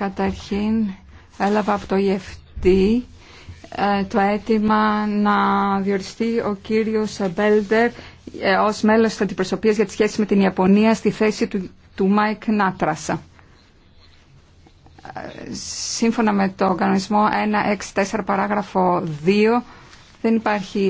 Καταρχήν έλαβα από το ΙΕΦΤΗ e το αίτημα να διοριστεί ο κύριος Μπέλντερ ε, ως μέλος της αντιπροσωπείας για τις σχέσεις με την Ιαπωνία στη θέση του, του Μάικ Νάτρασα. Ε, σύμφωνα με το κανονισμό 1.6.4 παράγραφο 2 δεν υπάρχει